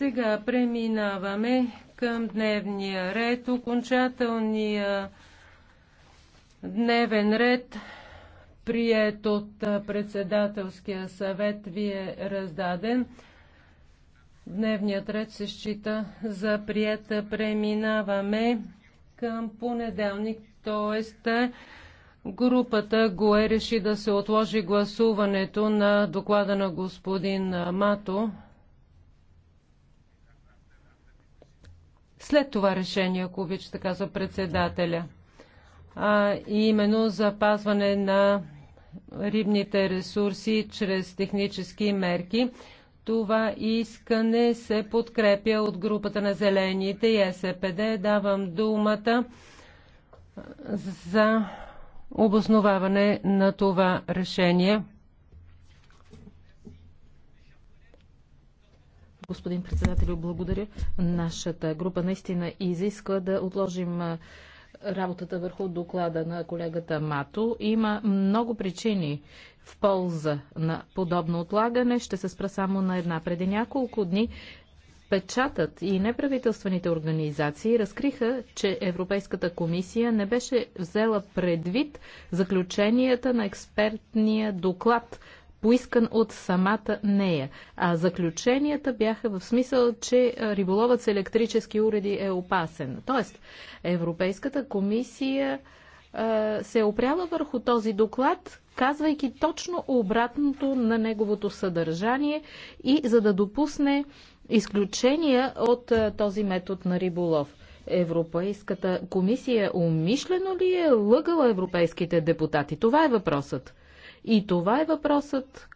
Сега преминаваме към дневния ред, окончателния дневен ред, прият от председателския съвет, ви е раздаден. Дневният ред се счита за прията. Преминаваме към понеделник, т.е. групата ГОЕ реши да се отложи гласуването на доклада на господин Мато. след това решение, ако обичате, казва председателя. А, и именно запазване на рибните ресурси чрез технически мерки. Това искане се подкрепя от групата на Зелените и СПД. Давам думата за обосноваване на това решение. господин председател, благодаря. Нашата група наистина изисква да отложим работата върху доклада на колегата Мато. Има много причини в полза на подобно отлагане. Ще се спра само на една. Преди няколко дни Печатът и неправителствените организации разкриха, че Европейската комисия не беше взела предвид заключенията на експертния доклад поискан от самата нея. А заключенията бяха в смисъл, че риболовът с електрически уреди е опасен. Тоест, Европейската комисия се е опряла върху този доклад, казвайки точно обратното на неговото съдържание и за да допусне изключения от този метод на риболов. Европейската комисия умишлено ли е лъгала европейските депутати? Това е въпросът. И това е въпросът,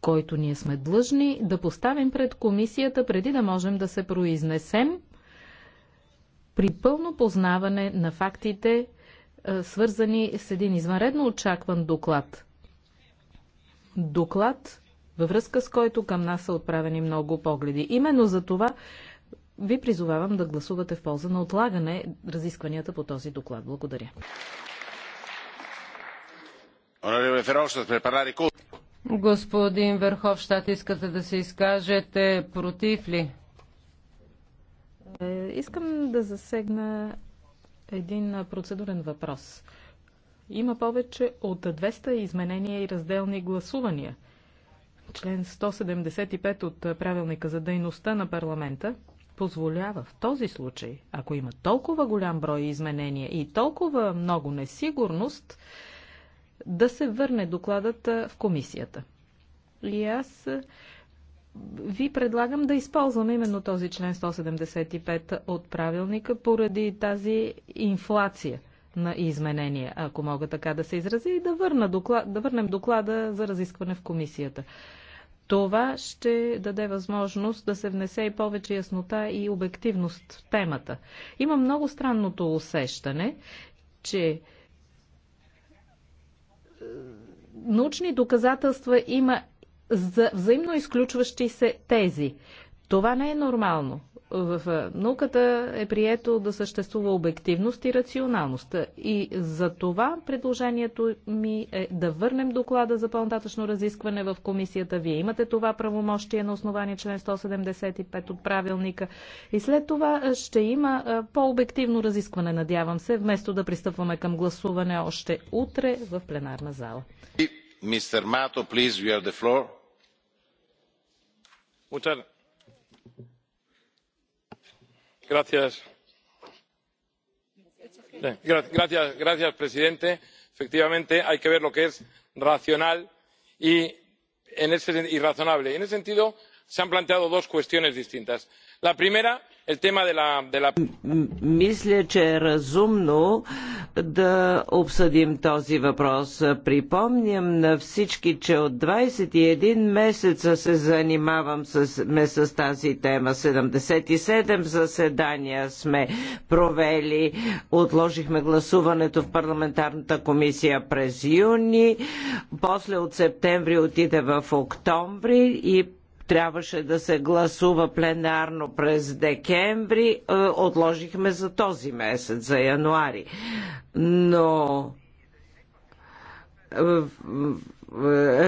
който ние сме длъжни да поставим пред комисията, преди да можем да се произнесем при пълно познаване на фактите, е, свързани с един извънредно очакван доклад. Доклад, във връзка с който към нас са отправени много погледи. Именно за това ви призовавам да гласувате в полза на отлагане разискванията по този доклад. Благодаря. Господин Верховщат, искате да се изкажете против ли? Е, искам да засегна един процедурен въпрос. Има повече от 200 изменения и разделни гласувания. Член 175 от правилника за дейността на парламента позволява в този случай, ако има толкова голям брой изменения и толкова много несигурност, да се върне докладът в комисията. И аз ви предлагам да използвам именно този член 175 от правилника поради тази инфлация на изменения, ако мога така да се изрази, и да, върна доклад, да върнем доклада за разискване в комисията. Това ще даде възможност да се внесе и повече яснота и обективност в темата. Има много странното усещане, че научни доказателства има за взаимно изключващи се тези. Това не е нормално. В науката е прието да съществува обективност и рационалност. И за това предложението ми е да върнем доклада за по разискване в комисията. Вие имате това правомощие на основание член 175 от правилника. И след това ще има по-обективно разискване, надявам се, вместо да пристъпваме към гласуване още утре в пленарна зала. Мистер Мато, please, you have the floor señor presidente efectivamente hay que ver lo que es racional y razonable. en ese sentido se han planteado dos cuestiones distintas. la primera мисля, че е разумно да обсъдим този въпрос. Припомням на всички, че от 21 месеца се занимавам с, ме с тази тема. 77 заседания сме провели. Отложихме гласуването в парламентарната комисия през юни. После от септември отиде в октомври и трябваше да се гласува пленарно през декември, е, отложихме за този месец, за януари. Но е,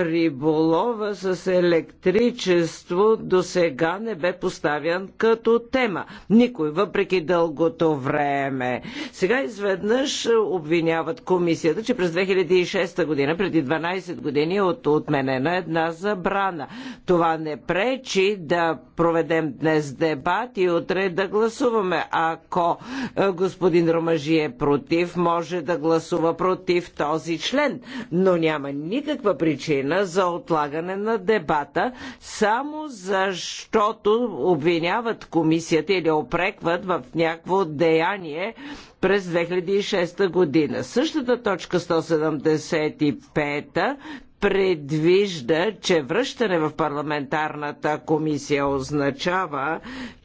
риболова с електричество до сега не бе поставян като тема. Никой, въпреки дългото време. Сега изведнъж обвиняват комисията, че през 2006 година, преди 12 години, е от отменена една забрана. Това не пречи да проведем днес дебат и утре да гласуваме. Ако е, господин Ромажи е против, може да гласува против този член. Но няма никаква причина за отлагане на дебата, само защото обвиняват комисията или опрекват в някакво деяние през 2006 година. Същата точка 175 предвижда, че връщане в парламентарната комисия означава,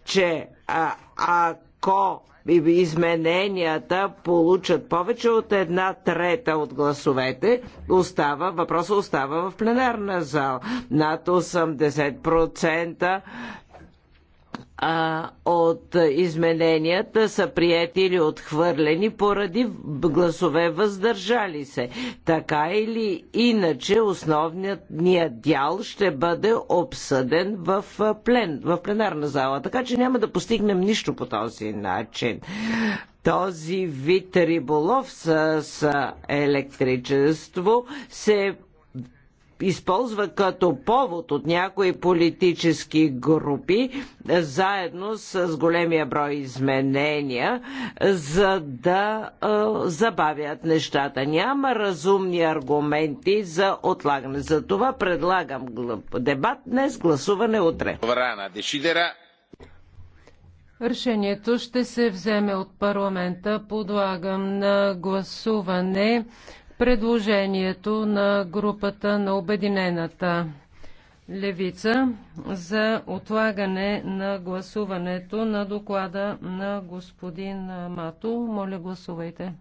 че а, ако ако измененията получат повече от една трета от гласовете, остава, въпросът остава в пленарна зал. Над 80% а, от измененията са приети или отхвърлени поради гласове въздържали се. Така или иначе основният ния дял ще бъде обсъден в, плен, в пленарна зала, така че няма да постигнем нищо по този начин този вид риболов с, с електричество се използва като повод от някои политически групи, е, заедно с големия брой изменения, за да е, забавят нещата. Няма разумни аргументи за отлагане. За това предлагам дебат днес, гласуване утре. Решението ще се вземе от парламента. Подлагам на гласуване предложението на групата на Обединената левица за отлагане на гласуването на доклада на господин Мато. Моля, гласувайте.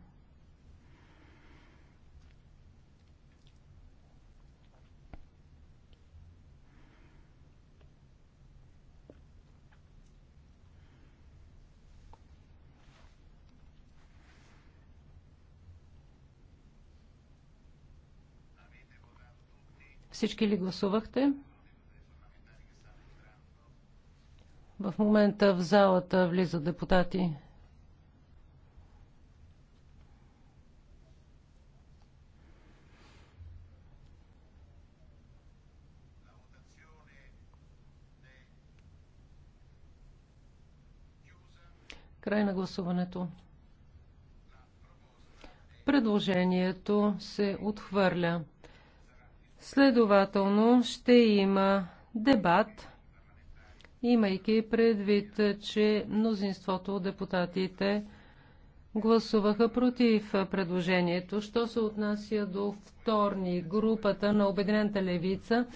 Всички ли гласувахте? В момента в залата влизат депутати. Край на гласуването. Предложението се отхвърля. Следователно ще има дебат, имайки предвид, че мнозинството от депутатите гласуваха против предложението. Що се отнася до вторни, групата на Обединената левица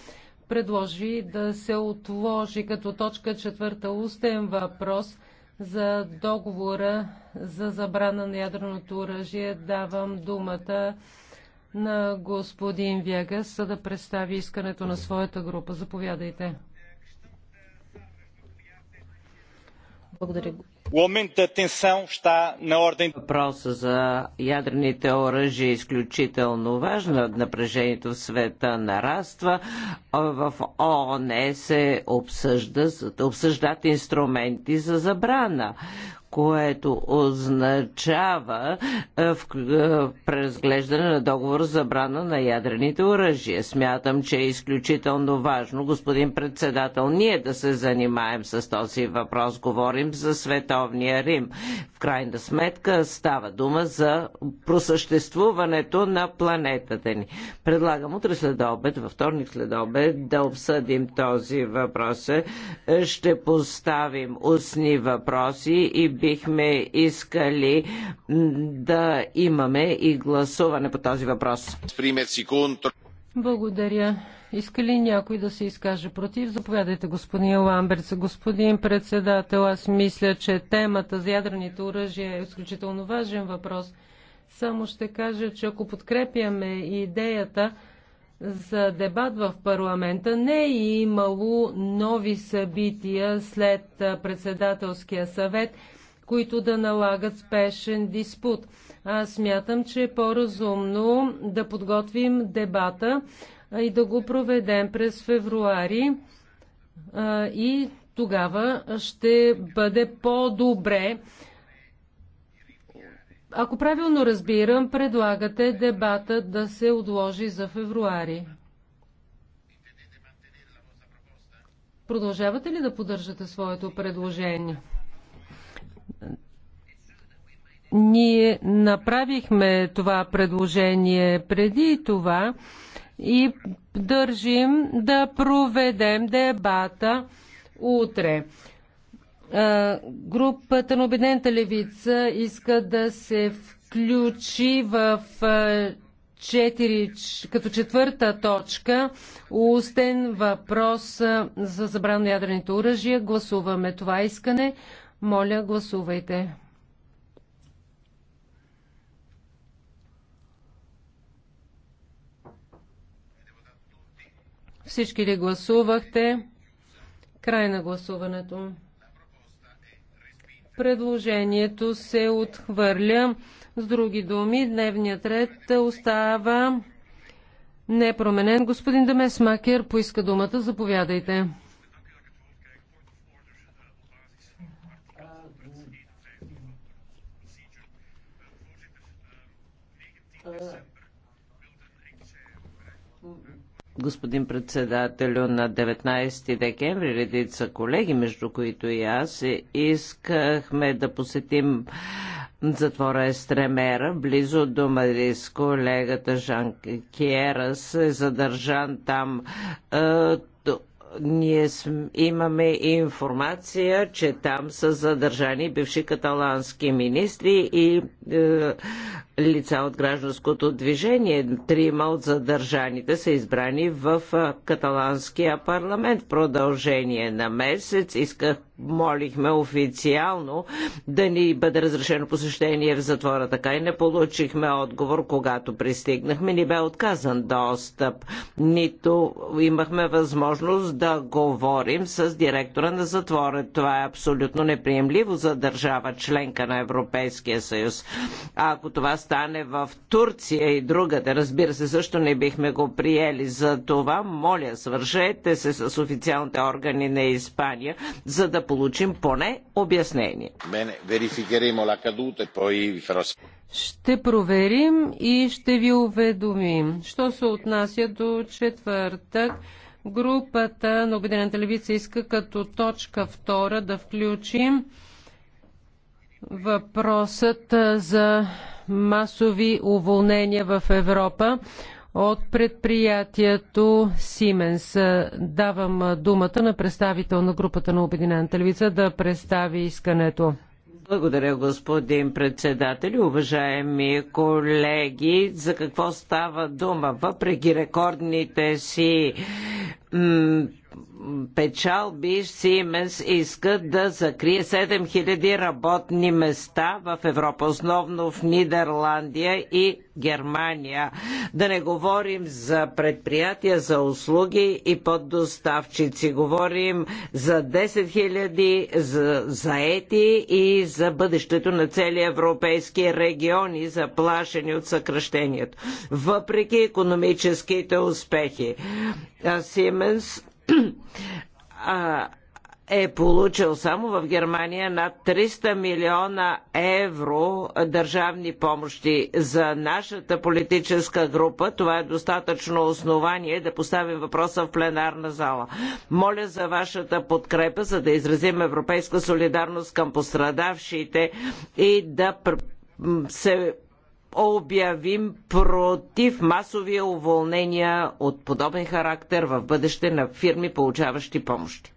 предложи да се отложи като точка четвърта устен въпрос за договора за забрана на ядреното оръжие. Давам думата на господин Вегас, за да представи искането на своята група. Заповядайте. Благодаря. Въпроса за ядрените оръжия е изключително важен. Напрежението в света нараства. В ООН се обсъжда, обсъждат инструменти за забрана което означава е, в е, преразглеждане на договор за забрана на ядрените оръжия. Смятам, че е изключително важно, господин председател, ние да се занимаем с този въпрос. Говорим за световния Рим. В крайна сметка става дума за просъществуването на планетата ни. Предлагам утре след обед, във вторник след обед, да обсъдим този въпрос. Е, ще поставим устни въпроси и бихме искали да имаме и гласуване по този въпрос. Благодаря. Иска ли някой да се изкаже против? Заповядайте, господин Ламберт. Господин председател, аз мисля, че темата за ядрените оръжия е изключително важен въпрос. Само ще кажа, че ако подкрепяме идеята за дебат в парламента, не е имало нови събития след председателския съвет които да налагат спешен диспут. Аз смятам, че е по-разумно да подготвим дебата и да го проведем през февруари и тогава ще бъде по-добре. Ако правилно разбирам, предлагате дебата да се отложи за февруари. Продължавате ли да поддържате своето предложение? Ние направихме това предложение преди това и държим да проведем дебата утре. Групата на Обедената левица иска да се включи в 4, като четвърта точка устен въпрос за забрано ядрените оръжия. Гласуваме това искане. Моля, гласувайте. Всички ли гласувахте? Край на гласуването. Предложението се отхвърля. С други думи, дневният ред остава непроменен. Господин Демес Макер поиска думата. Заповядайте. господин председателю, на 19 декември редица колеги, между които и аз, искахме да посетим затвора Естремера, близо до Мадрис. Колегата Жан Киерас е задържан там е, ние имаме информация, че там са задържани бивши каталански министри и е, лица от гражданското движение. Трима от задържаните са избрани в каталанския парламент. В продължение на месец исках, молихме официално да ни бъде разрешено посещение в затвора. Така и не получихме отговор, когато пристигнахме. Ни бе отказан достъп. Нито имахме възможност да говорим с директора на затвора. Това е абсолютно неприемливо за държава, членка на Европейския съюз. А ако това стане в Турция и другаде. Разбира се, също не бихме го приели. За това, моля, свържете се с официалните органи на Испания, за да получим поне обяснение. E ще проверим и ще ви уведомим. Що се отнася до четвъртък, групата на Обединената левица иска като точка втора да включим въпросът за масови уволнения в Европа от предприятието Сименс. Давам думата на представител на групата на Обединената левица да представи искането. Благодаря, господин председател. Уважаеми колеги, за какво става дума? Въпреки рекордните си печалби Siemens иска да закрие 7000 работни места в Европа, основно в Нидерландия и Германия. Да не говорим за предприятия, за услуги и поддоставчици. Говорим за 10 000 за заети и за бъдещето на цели европейски региони, заплашени от съкръщението. Въпреки економическите успехи, Siemens а, е получил само в Германия над 300 милиона евро държавни помощи. За нашата политическа група това е достатъчно основание да поставим въпроса в пленарна зала. Моля за вашата подкрепа, за да изразим европейска солидарност към пострадавшите и да се обявим против масови уволнения от подобен характер в бъдеще на фирми, получаващи помощи.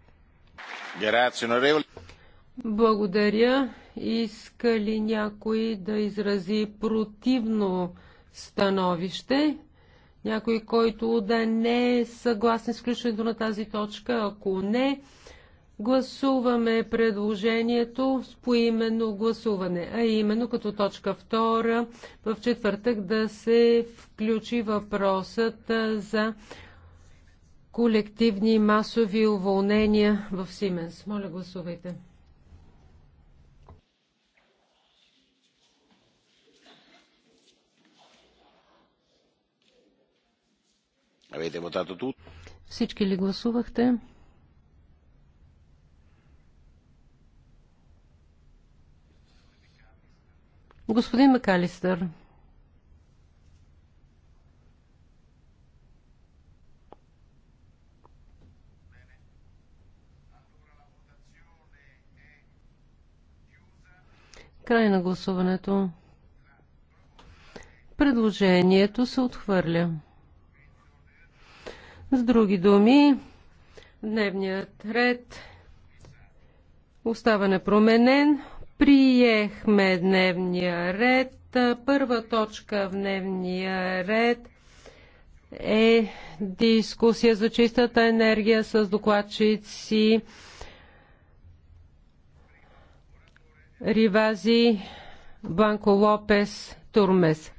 Благодаря. Иска ли някой да изрази противно становище? Някой, който да не е съгласен с включването на тази точка? Ако не, Гласуваме предложението с поименно гласуване, а именно като точка втора в четвъртък да се включи въпросът за колективни масови уволнения в Сименс. Моля, гласувайте. Всички ли гласувахте? Господин Макалистър. Край на гласуването. Предложението се отхвърля. С други думи, дневният ред остава непроменен. Приехме дневния ред. Първа точка в дневния ред е дискусия за чистата енергия с докладчици Ривази Бланко Лопес Турмес.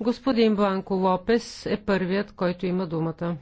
Господин Бланко Лопес е първият, който има думата.